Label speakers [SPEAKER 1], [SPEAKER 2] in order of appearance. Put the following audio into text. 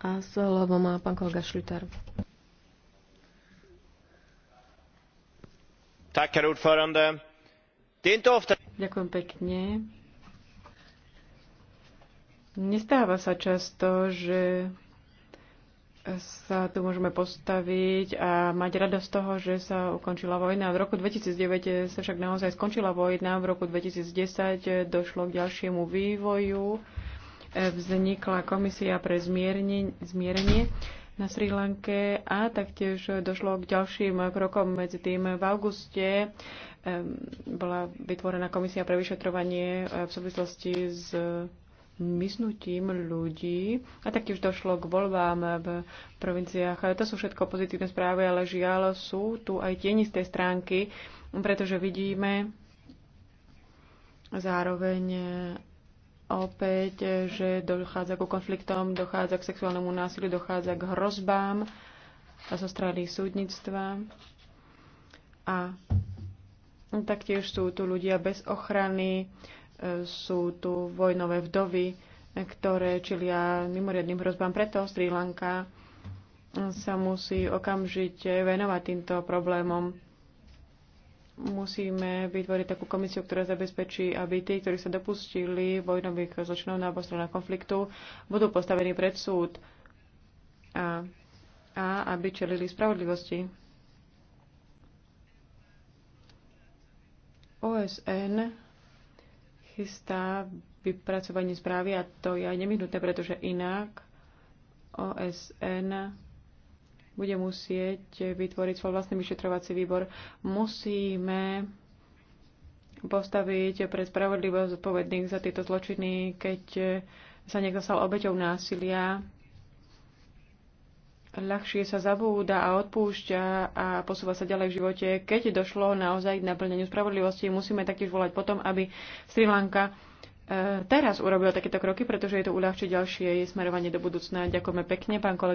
[SPEAKER 1] A slovo má pán kolega Šliter. Ďakujem pekne. Nestáva sa často, že sa tu môžeme postaviť a mať radosť z toho, že sa ukončila vojna. V roku 2009 sa však naozaj skončila vojna, v roku 2010 došlo k ďalšiemu vývoju vznikla komisia pre zmierenie na Sri Lanke a taktiež došlo k ďalším krokom medzi tým. V auguste bola vytvorená komisia pre vyšetrovanie eh, v súvislosti s mysnutím ľudí a taktiež došlo k voľbám v provinciách. To sú všetko pozitívne správy, ale žiaľ sú tu aj tienisté stránky, pretože vidíme zároveň opäť, že dochádza ku konfliktom, dochádza k sexuálnemu násiliu, dochádza k hrozbám zo strany súdnictva. A taktiež sú tu ľudia bez ochrany, sú tu vojnové vdovy, ktoré čelia mimoriadným hrozbám. Preto Sri Lanka sa musí okamžite venovať týmto problémom musíme vytvoriť takú komisiu, ktorá zabezpečí, aby tí, ktorí sa dopustili vojnových zločinov na oboch stranách konfliktu, budú postavení pred súd a, a aby čelili spravodlivosti. OSN chystá vypracovanie správy a to je aj nevyhnuté, pretože inak OSN bude musieť vytvoriť svoj vlastný vyšetrovací výbor. Musíme postaviť pre spravodlivosť zodpovedných za tieto zločiny, keď sa niekto stal obeťou násilia. Ľahšie sa zabúda a odpúšťa a posúva sa ďalej v živote. Keď došlo naozaj k naplneniu spravodlivosti, musíme taktiež volať potom, aby Sri Lanka e, teraz urobila takéto kroky, pretože je to uľahčí ďalšie smerovanie do budúcna. Ďakujeme pekne, pán kolega.